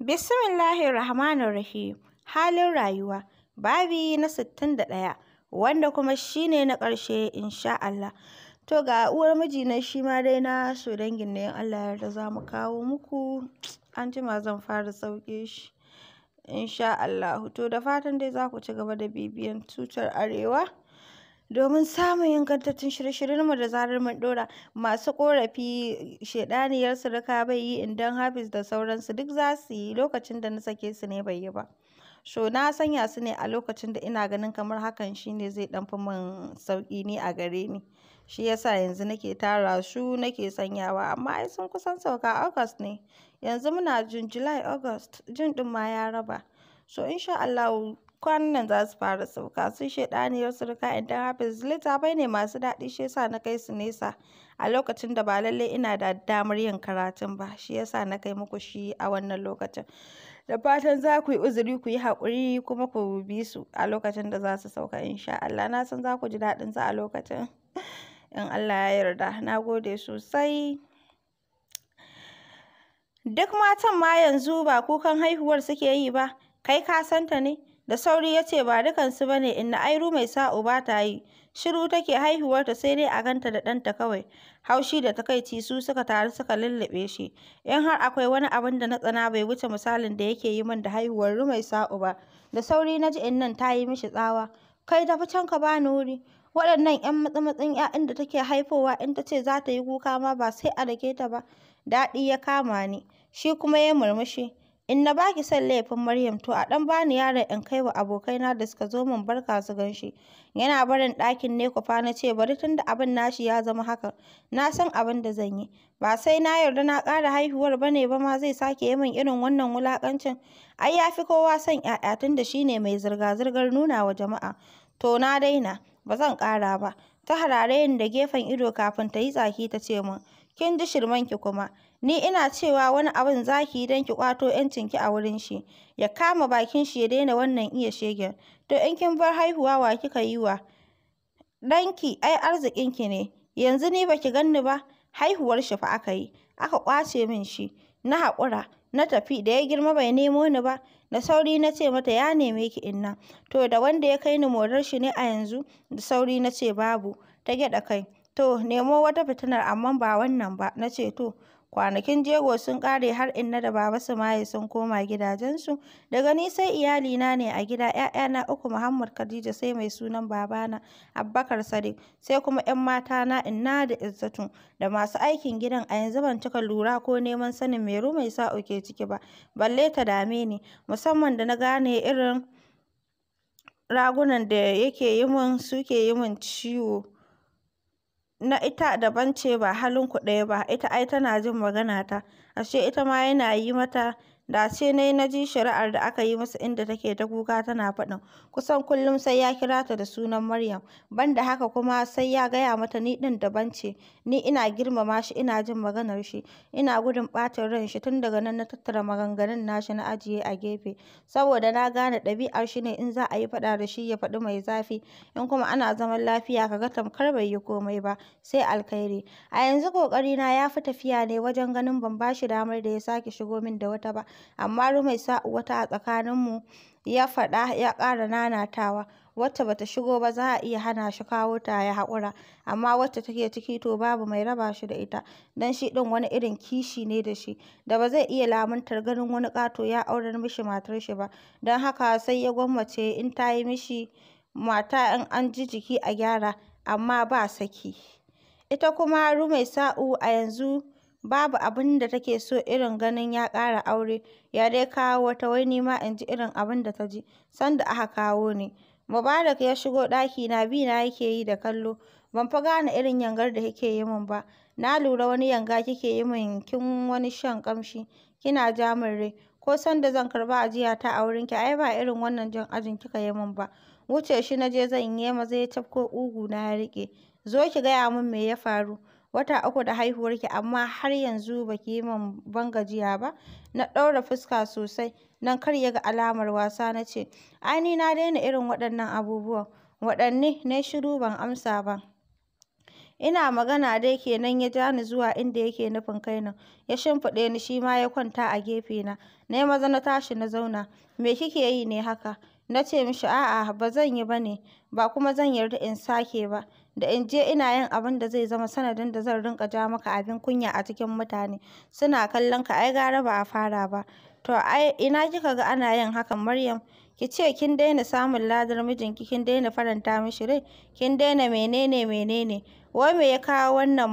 Bismillahirrahmanirrahim. Halin rayuwa. Babi na ɗaya, wanda kuma shi ne na ƙarshe insha Allah. To ga uwar mijina shi ma dai na so dangin na yin Allah yarda za mu kawo muku. An jima zan fara sauke shi. Insha Allah. To da fatan dai za ku ci gaba da bibiyan tutar Arewa. domin samun ingantattun shirye-shiryenmu da zarar mun ɗora. Masu ƙorafi shaiɗaniyar rika bai yi indan Hafiz da sauransu duk za su yi lokacin da na sake su ne bai yi ba. So na sanya su ne a lokacin da ina ganin kamar hakan shi zai ɗan fi min sauƙi ne a gare ni. Shi yasa yanzu nake tara su nake sanyawa amma ai sun kusan sauka August ne. Yanzu muna jun July, August. jun ɗin ma ya raba. So insha Allah kwanan nan za su fara sauka. Su shaiɗaniyar surka idan Hafiz littafai ne masu daɗi shi yasa na kai su nesa a lokacin da ba lallai ina da damar yin karatun ba shi yasa na kai muku shi a wannan lokacin. Da fatan za ku yi uzuri ku yi haƙuri kuma ku bi su a lokacin da za su sauka insha Allah na san za ku ji daɗin su a lokacin in Allah ya yarda. Na gode sosai. Duk matan ma yanzu ba kukan haihuwar suke yi ba, kai ka santa ne? Da sauri ya ce ba dukansu ba ne inna airu mai sa uba ta yi. Shiru take haihuwarta sai dai a ganta da ɗanta kawai. Haushi da takaici su suka taru suka lullube shi. In har akwai wani abin da na tsana bai wuce misalin da yake yi min da haihuwar mai sa'u ba. Da sauri na ji innan ta yi mishi tsawa. Kai tafi can ka bani wuri. Waɗannan 'yan matsamatsin 'ya'yan da take haifowa in ta ce za ta yi kuka ma ba sai a dake ta ba. Daɗi ya kama ni. Shi kuma ya murmushi. In na ba ki son laifin Maryam to a ɗan bani yaron in kai wa abokaina da suka zo min barka su gan shi. Yana barin ɗakin ne kwafa na ce bari tun da abin nashi ya zama haka Na san abin da zan yi. Ba sai na yarda na ƙara haihuwar ba ne ba ma zai sake yi min irin wannan wulaƙancin. Ai ya fi kowa son ‘ya'ya tun da shi ne mai zirga-zirgar nuna wa jama'a. To na daina, ba zan ƙara ba. Ta harare ni da gefen ido kafin ta yi tsaki ta ce min, kin ji shirmanki kuma. Ni ina cewa wani abin zaki yi don ki kwato 'yancin ki a wurin shi, ya kama bakin shi ya daina wannan iya shegen. To in kin bar haihuwa wa kika yi wa? Ɗanki ai arzikinki ne, yanzu ni ba ki ganni ba, haihuwar shi fa aka yi, aka kwace min shi, na haƙura, na tafi, da ya girma bai nemo ni ba. Da sauri na ce mata ya neme ki inna, to da wanda ya kai ni morar shi ne a yanzu? Da sauri na ce babu, ta gyaɗa kai. To nemo wata fitinar amma ba wannan ba, na ce to. Kwanakin jego sun ƙare har inna da baba su Sumaye sun koma gidajensu. Daga ni sai iyalina ne a gida, ‘ya'yana uku Muhammad Khadija sai mai sunan babana Abubakar Sadiq, sai kuma ‘yan matana Inna da Izzatu da masu aikin gidan a yanzu ban cika lura ko neman sanin me rumai sa ke ciki ba, balle ta dame ni, musamman da na gane irin ragunan da yake yi mun suke yi min ciwo. na ita daban ce ba ku ɗaya ba, ita ai tana jin magana ta ashe ita ma yana yi mata Dace na yi na ji shari'ar da aka yi masa inda take ta kuka tana faɗin, kusan kullum sai ya kira ta da sunan Maryam, banda haka kuma sai ya gaya mata ni ɗin daban ce, ni ina girmama shi ina jin maganar shi, ina gudun ɓatar ran shi tun daga nan na tattara maganganun nashi na ajiye a gefe, saboda na gane ɗabi'ar shi ne in za a yi faɗa da shi ya faɗi mai zafi, in kuma ana zaman lafiya ka ga tamkar bai yi komai ba, sai alkhairi. A yanzu ƙoƙarina ya fi tafiya ne wajen ganin ban ba shi damar da ya sake shigo min da wata ba. amma sa'u wata a tsakaninmu ya faɗa ya ƙara nanatawa wacce bata shigo ba za a iya hana shi kawo ta ya haƙura amma wacce take ciki to babu mai raba shi da ita don shi ɗin wani irin kishi ne da shi da ba zai iya lamuntar ganin wani ƙato ya aurar mishi matar shi ba don haka sai ya gwammace in ta yi mishi mata in an ji jiki a gyara amma ba saki ita kuma rumai sa'u a yanzu Babu abin da take so irin ganin ya ƙara aure, ya dai kawo wata wai ni ma in ji irin abin da ta ji, sanda aka kawo ne. Mubarak ya shigo ɗaki na bi na yake yi da kallo, ban fa gane irin yangar da kike yi min ba, na lura wani yanga kike yi min kin wani shan ƙamshi, kina ja min rai, ko sanda zan karɓi ajiyata a ki? ai ba irin wannan jan ajin kika yi min ba. Wuce shi na je zan yi ma maza ya cafko na ya riƙe, zo ki gaya min me ya faru. wata uku da haihuwar ki, amma har yanzu baki yi min ban gajiya ba na ɗaura fuska sosai nan kar ya ga alamar wasa na ce ai ni na daina irin waɗannan abubuwan waɗanne na shiru ban amsa ba ina magana dai kenan ya ja ni zuwa inda yake nufin kaina ya shimfiɗe ni shi ma ya kwanta a gefe na yi maza na tashi na zauna me kike yi ne haka na ce mishi a'a ba zan yi ba ne ba kuma zan yarda in sake ba da in je ina yin abin da zai zama sanadin da zan rinka ja maka abin kunya a cikin mutane suna kallon ka ai gara ba a fara ba to ai ina kika ga ana yin hakan Maryam ki ce kin daina samun ladar mijinki kin daina faranta mishi rai kin daina menene menene wai me ya kawo wannan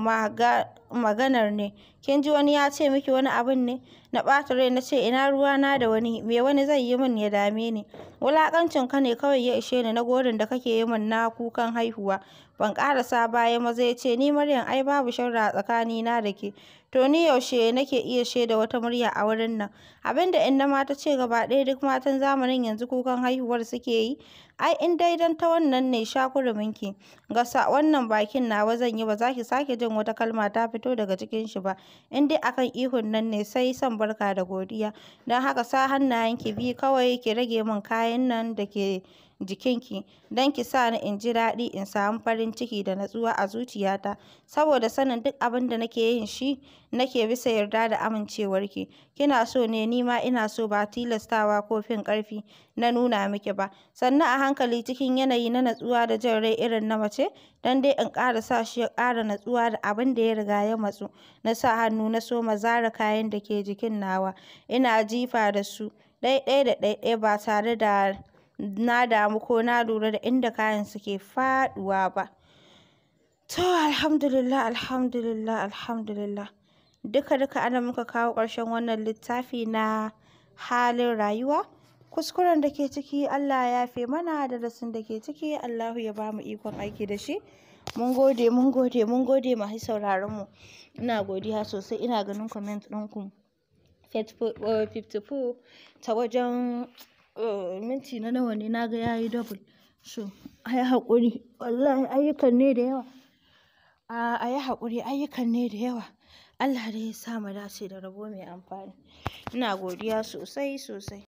maganar ne kin ji wani ya ce miki wani abin ne na ɓata rai na ce ina ruwa na da wani me wani zai yi min ya dame ni wulaƙancin ka ne kawai ya ishe ni na gorin da kake yi min na kukan haihuwa ban ƙarasa baya maza ya ce ni Maryam ai babu sharra a tsakanina da ke to ni yaushe nake iya shaida wata murya a wurin nan abinda inna ma ta ce gaba ɗaya duk matan zamanin yanzu ko. kukan haihuwar suke yi? Ai in dai don ta wannan ne sha ki Gasa wannan bakin nawa zan yi ba za ki sake jin wata kalma ta fito daga cikin shi ba. In dai akan ihun nan ne sai son barka da godiya. Don haka sa hannayenki biyu kawai ki rage min kayan nan da ke jikinki don ki sa ni in ji daɗi in samu farin ciki da natsuwa a zuciyata saboda sanin duk abin da nake yin shi nake bisa yarda da amincewarki kina so ne ni ma ina so ba tilastawa ko fin ƙarfi na nuna miki ba sannan a hankali cikin yanayi na natsuwa da jin rai irin na mace don dai in ƙara sa shi ya ƙara natsuwa da abin da ya riga ya matsu na sa hannu na soma zara kayan da ke jikin nawa ina jifa da su ɗaiɗai da ɗaiɗai ba tare da na damu ko na lura da inda kayan suke faɗuwa ba. To alhamdulillah alhamdulillah alhamdulillah. Duka duka ana muka kawo ƙarshen wannan littafi na halin rayuwa. Kuskuren da ke ciki Allah ya yafe mana da rasin da ke ciki Allahu ya bamu ikon aiki da shi. Mun gode mun gode mun gode masu sauraron mu. Ina godiya sosai ina ganin comment ɗinku. 54 ta wajen Eh, minti na nawa ne na ga yayi double so ayi hakuri wallahi ayyukan ne da yawa a ayi hakuri ayyukan ne da yawa Allah dai ya sa mu dace da rabo mai amfani ina godiya sosai sosai